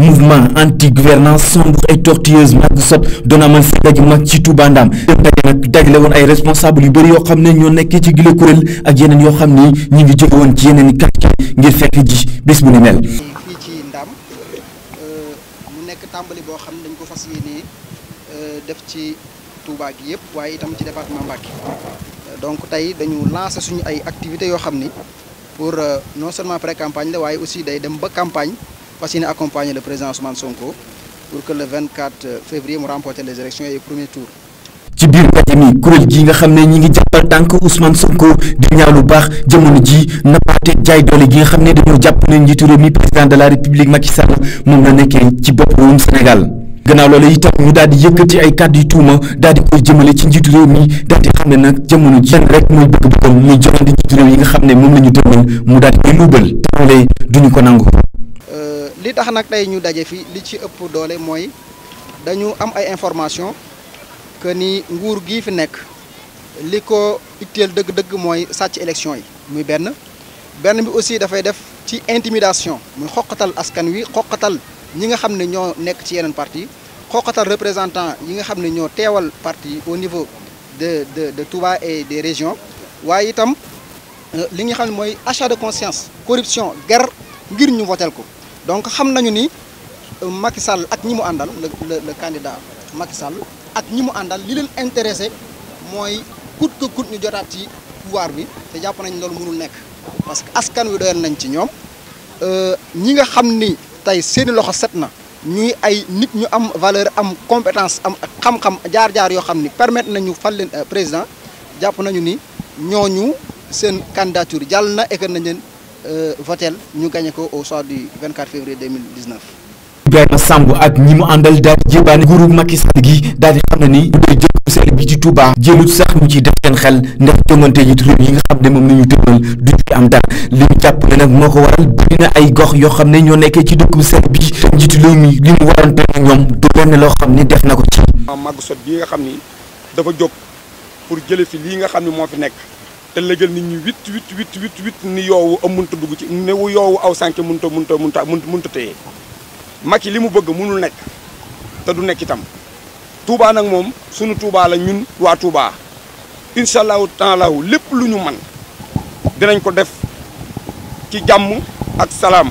mouvement anti-gouvernance sombre et tortueuse Macky Sall doon amal fi daje mag ci Touba Ndam daje dajale woon ay responsable yu bëri yoo xam ne ñoo nekkee ci gile kuréel ak yeneen yoo xam ni ñu ngi jóge woon ci yeneen i quartier ngir fekk ji bés bu ni mel. fii ci Ndam euh, mu nekk tàmbali boo xam ne dañ ko fas yéenee euh, def ci Touba gi yëpp waaye itam ci département Mbacké donc tey dañu lancer suñu ay activités yoo xam ni pour euh, non seulement pré campagne la waaye aussi day dem ba campagne. fas yéene accompagner le président Ousmane Sonko pour que le 24 février mu remporter les élections et premier tour. ci biir mbedd mi kuréel gi nga xam ne ñi ngi jàppal tànk Ousmane Sonko di ñaaw lu baax jamono ji nappaate jaay doole gi nga xam ne dañoo jàpp ne njiitu réew mi président de la république Macky Sall moom la nekkee ci bopp réewum Sénégal. gannaaw loolu itam ñu daal di yëkkati ay kàddu yu tuuma daal koy jëmale ci njiitu réew mi daal xam ne nag jamono yi nga xam ne moom la ñu dëmal mu daal di koy li tax nag tey ñu daje fi li ci ëpp doole mooy dañu am ay information que ni nguur gi fi nekk li ko itteel dëgg-dëgg mooy sàcc élection yi muy benn benn bi aussi dafay def ci intimidation muy xoqatal askan wi xoqatal ñi nga xam ne ñoo nekk ci yeneen parti xoqatal représentant yi nga xam ne ñoo teewal partie au niveau de de de Touba et des régions waaye itam euh, li nga xam ne mooy achat de conscience corruption guerre ngir ñu votel ko donc xam nañu ni euh, Macky Sall ak ñi mu àndal le le candidat Macky Sall ak ñi mu àndal li leen intéressé mooy coûte que coûte ñu jotaat ci pouvoir bi te jàpp nañ loolu mënul nekk parce que askan wi doyoon nañ ci ñoom euh, ñi nga xam ni tey seeni loxo set na ñuy ay nit ñu am valeur am compétence am xam-xam jaar-jaar yoo xam ni permettre nañu fal leen euh, président jàpp nañu ni ñooñu seen candidature jàll na ekkat nañ leen Euh, votel ñu gagné ko au soir du 24 février 2019. Ibrahima Samb ak ñi mu àndal daal di jébaane nguuru Macky Sall gi daal di xam ne ni ñu jël sell bi ci sax ñu ci def seen xel ndax jongante yi réew yi nga xam ne moom ñu tëmal du ci am dara li ñu jàpp ne nag moo ko waral bëri na ay gox yoo xam ne ñoo nekkee ci dëkku sell bi te njiitu réew mi li mu warante ak ñoom du lenn loo xam ne def na ko ci. màgg sot bi nga xam ne dafa jóg pour jële fi lii nga xam ne moo fi nekk. ëllëgal nit ñi huit huit huit huit huit ni yoowu am mënta dugg ci ne wu yoowu aw sànke mënta mënta mënta mënta téye Macky li mu bëgg munul nekk te du nekk itam Touba nag moom sunu Touba la ñun waa Touba incha allahu taalaahu lépp lu ñu man dinañ ko def ci jàmm ak salaam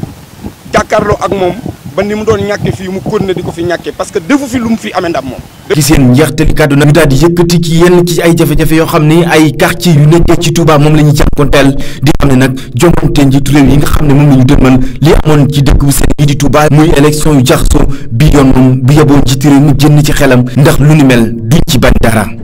jàkkaarloo ak moom ba ni mu doon ñàkke fii mu continuer di ko fi ñàkke parce que defu fi lu mu fi amee ndam moom ci seen njeextali kàddu nag ñu daal yëkkati ci yenn ci ay jafe-jafe yoo xam ne ay quartier yu nekkee ci Touba moom la ñuy jànkonteel di xam ne nag jonkante njiitu réew yi nga xam ne moom la ñu dëmal li amoon ci dëkk bu seen bii di Touba muy élection yu jaxasoo bii yoon moom bu yeboo njiitu réew mu jënn ci xelam ndax lu ni mel duñ ci bañ dara